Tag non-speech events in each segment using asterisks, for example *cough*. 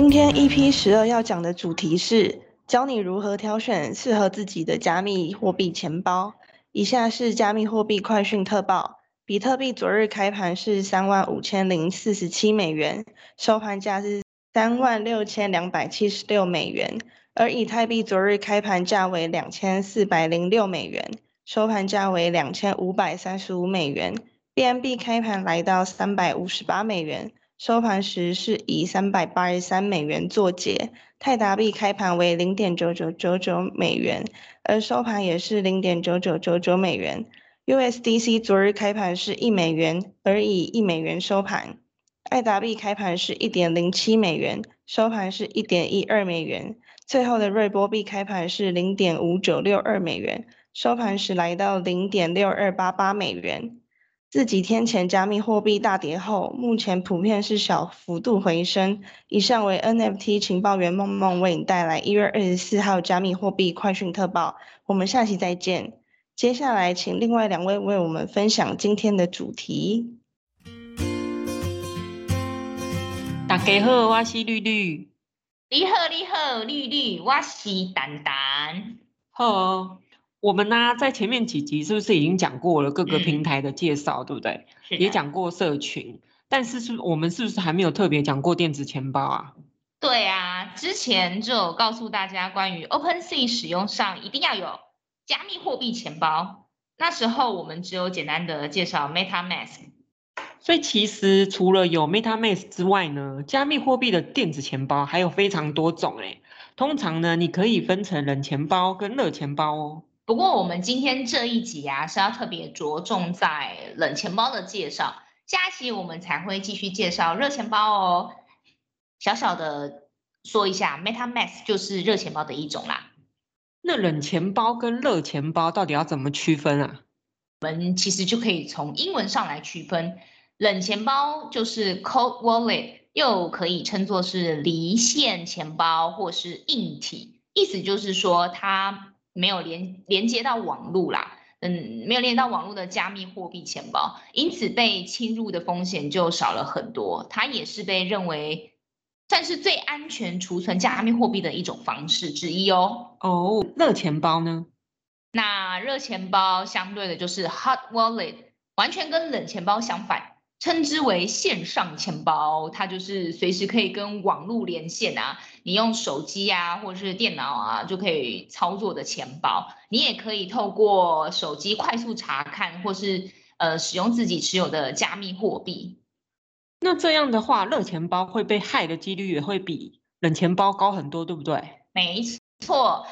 今天 EP 十二要講的主題是教你如何挑選適合自己的加密貨幣錢包。以下是加密貨幣快訊特報：比特幣昨日開盤是三萬五千零四十七美元，收盤價是三萬六千兩百七十六美元；而以太幣昨日開盤價為兩千四百零六美元，收盤價為兩千五百三十五美元。BNB 開盤來到三百五十八美元。收盤時是以三百八十三美元作結。泰達幣開盤為零點九九九九美元，而收盤也是零點九九九九美元。USDC 昨日開盤是一美元，而以一美元收盤。艾達幣開盤是一點零七美元，收盤是一點一二美元。最後的瑞波幣開盤是零點五九六二美元，收盤時來到零點六二八八美元。自幾天前加密貨幣大跌後，目前普遍是小幅度回升。以上為 NFT 情報員夢夢為你帶來一月二十四號加密貨幣快訊特報。我們下期再見。接下來請另外兩位為我們分享今天的主題。大家好，我是綠綠。你好，你好，綠綠，我是丹丹。好哦。我們呢、啊，在前面幾集是不是已經講過了各個平台的介紹，嗯、對不對、啊？也講過社群，但是是，我們是不是還沒有特別講過電子錢包啊？對啊，之前就有告訴大家關於 OpenSea 使用上一定要有加密貨幣錢包。那時候我們只有簡單的介紹 MetaMask。所以其實除了有 MetaMask 之外呢，加密貨幣的電子錢包還有非常多種哎、欸。通常呢，你可以分成冷錢包跟熱錢包哦。不過我們今天這一集啊，是要特別着重在冷錢包的介紹，下期我們才會繼續介紹熱錢包哦。小小的說一下，MetaMask 就是熱錢包的一種啦。那冷錢包跟熱錢包到底要怎麼區分啊？嗯。我們其實就可以從英文上來區分，冷錢包就是 cold wallet，又可以稱作是離線錢包或是硬體，意思就是說它。沒有連連接到網絡啦，嗯，沒有連接到網絡的加密貨幣錢包，因此被侵入的風險就少了很多。它也是被認為算是最安全儲存加密貨幣的一種方式之一哦。哦、oh，熱錢包呢？那熱錢包相對的就是 hot wallet，完全跟冷錢包相反。稱之為線上錢包，它就是隨時可以跟網路連線啊，你用手機啊或者是電腦啊就可以操作的錢包，你也可以透過手機快速查看或是呃使用自己持有的加密貨幣。那這樣的話，熱錢包會被害的幾率也會比冷錢包高很多，對不對？沒錯，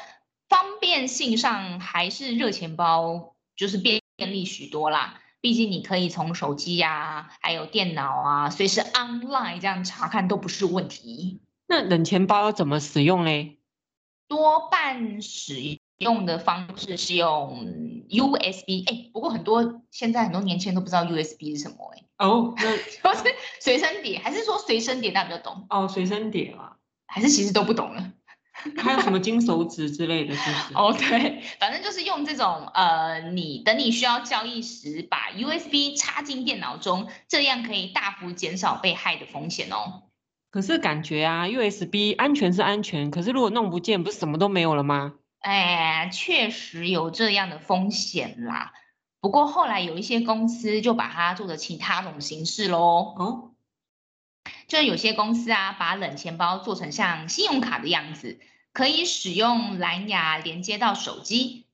方便性上還是熱錢包就是便利許多啦。畢竟你可以從手機呀、啊，還有電腦啊，隨時 online 這樣查看都不是問題。那冷錢包要怎麼使用嘞？多半使用的方式是用 USB，哎、欸，不過很多現在很多年輕人都不知道 USB 是什麼哎、欸。哦，我是隨身碟，還是說隨身碟？那比較懂哦，oh, 隨身碟啊，還是其實都不懂呢？ *laughs* 還有什麼金手指之類的？哦，對，反正就是用這種，呃，你等你需要交易時，把 USB 插進電腦中，這樣可以大幅減少被害的風險哦。可是感覺啊，USB 安全是安全，可是如果弄不見，不是什麼都沒有了嗎？哎、欸，確實有這樣的風險啦。不過後來有一些公司就把它做的其他種形式嘍。嗯、哦。就有些公司啊，把冷錢包做成像信用卡的樣子，可以使用藍牙連接到手機，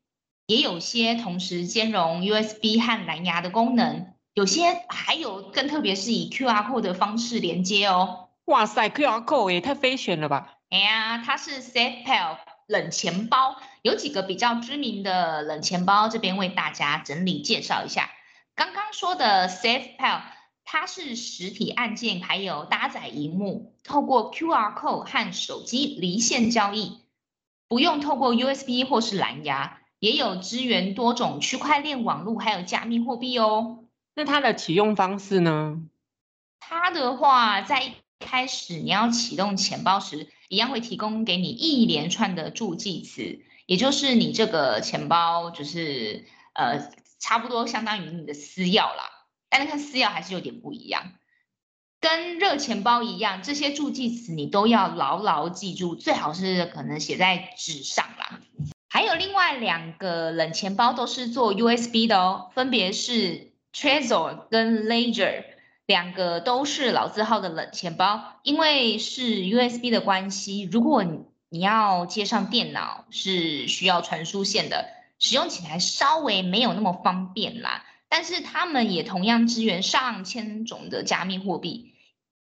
也有些同時兼容 USB 和藍牙的功能，有些還有更特別是以 QR code 的方式連接哦。哇塞，QR code 也太飛炫了吧！哎呀，它是 SafePal 冷錢包，有幾個比較知名的冷錢包，這邊為大家整理介紹一下。剛剛說的 SafePal。它是實體按鍵，還有搭載熒幕，透過 QR Code 和手機離線交易，不用透過 USB 或是藍牙，也有支援多種區塊鏈網絡，還有加密貨幣哦。那它的啟用方式呢？它的話，在一開始你要啟動錢包時，一樣會提供給你一連串的助記詞，也就是你這個錢包就是呃，差不多相當於你的私鑰啦。但是它私鑰還是有點不一樣，跟熱錢包一樣，這些助記詞你都要牢牢記住，最好是可能寫在紙上啦。還有另外兩個冷錢包都是做 USB 的哦，分別是 Trezor 跟 Ledger，兩個都是老字號的冷錢包。因為是 USB 的關係，如果你要接上電腦是需要傳輸線的，使用起來稍微沒有那麼方便啦。但是他們也同樣支援上千種的加密貨幣，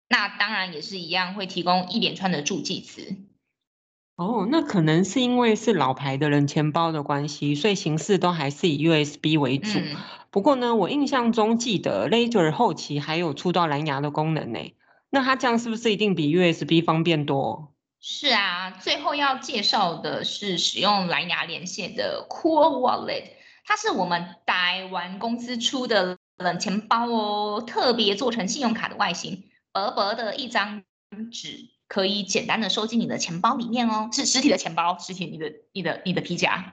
那當然也是一樣會提供一連串的助記詞。哦，那可能是因為是老牌的人錢包的關係，所以形式都還是以 USB 為主。嗯、不過呢，我印象中記得 Ledger 後期還有出到藍牙的功能呢、欸。那它這樣是不是一定比 USB 方便多？是啊，最後要介紹的是使用藍牙連線的 Cool Wallet。它是我們台灣公司出的冷錢包哦，特別做成信用卡的外形，薄薄的一張紙，可以簡單的收進你的錢包裡面哦，是實體的錢包，實體你的你的你的，你的皮夾。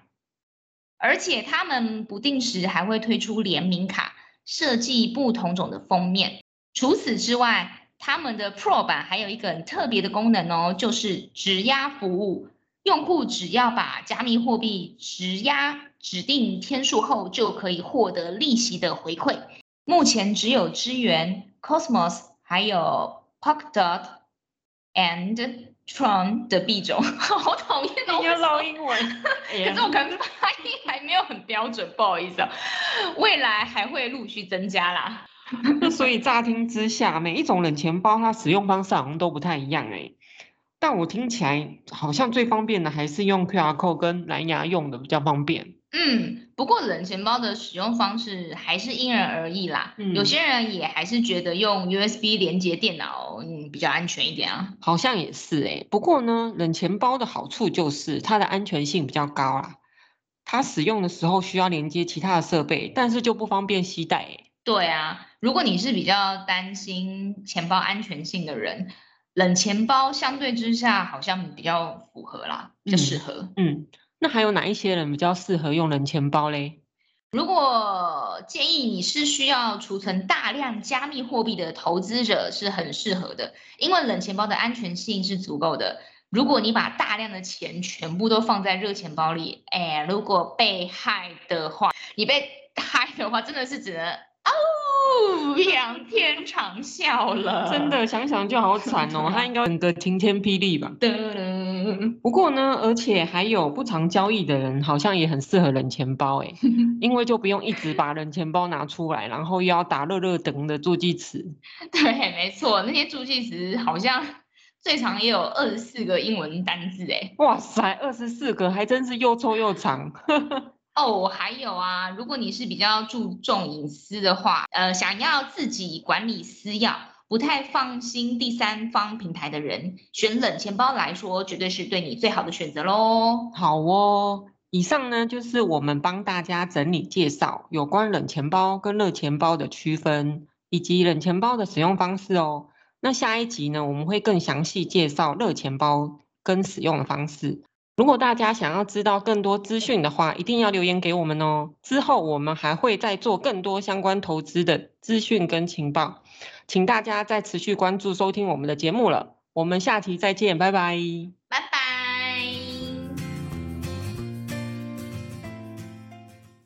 而且他們不定時還會推出聯名卡，設計不同種的封面。除此之外，他們的 Pro 版還有一個很特別的功能哦，就是質押服務，用戶只要把加密貨幣質押。指定天數後就可以獲得利息的回饋。目前只有支援 Cosmos、還有 Polkadot 和 Tron 的幣種。 *laughs* 好討厭哦，撈英文。 *laughs* 可是我可能發音還沒有很標準，哎、不好意思啊，未來還會陸續增加啦。 *laughs* 那所以乍聽之下，每一種冷錢包它使用方式好像都不太一樣哎、欸。但我聽起來好像最方便的還是用 QR Code 跟藍牙用的比較方便。嗯，不過冷錢包的使用方式還是因人而異啦，嗯。有些人也還是覺得用 USB 連接電腦，嗯，比較安全一點啊。好像也是誒，欸，不過呢，冷錢包的好處就是它的安全性比較高啦，啊。它使用的時候需要連接其他的設備，但是就不方便攜帶，欸。對啊，如果你是比較擔心錢包安全性的人，冷錢包相對之下好像比較符合啦，比較適合。嗯。嗯那還有哪一些人比較適合用冷錢包嘞？如果建議你是需要儲存大量加密貨幣的投資者，是很適合的，因為冷錢包的安全性是足夠的。如果你把大量的錢全部都放在熱錢包裡，哎、欸，如果被害的話，你被害的話真的是只能哦仰 *laughs* 天長嘯了。真的想想就好慘哦， *laughs* 他應該整個晴天霹靂吧。嗯，不過呢，而且還有不常交易的人，好像也很適合冷錢包哎、欸， *laughs* 因為就不用一直把冷錢包拿出來，然後又要打熱熱等的助記詞。對，沒錯，那些助記詞好像最長也有二十四個英文單字哎、欸，哇塞，二十四個還真是又臭又長。 *laughs* 哦，還有啊，如果你是比較注重隱私的話，呃，想要自己管理私鑰，不太放心第三方平台的人，選冷錢包來說，絕對是對你最好的選擇嘍。好哦，以上呢就是我們幫大家整理介紹有關冷錢包跟熱錢包的區分，以及冷錢包的使用方式哦。那下一集呢，我們會更詳細介紹熱錢包跟使用的方式。如果大家想要知道更多資訊的話，一定要留言給我們哦。之後我們還會再做更多相關投資的資訊跟情報，請大家再持續關注收聽我們的節目了。我們下期再見，拜拜。拜拜。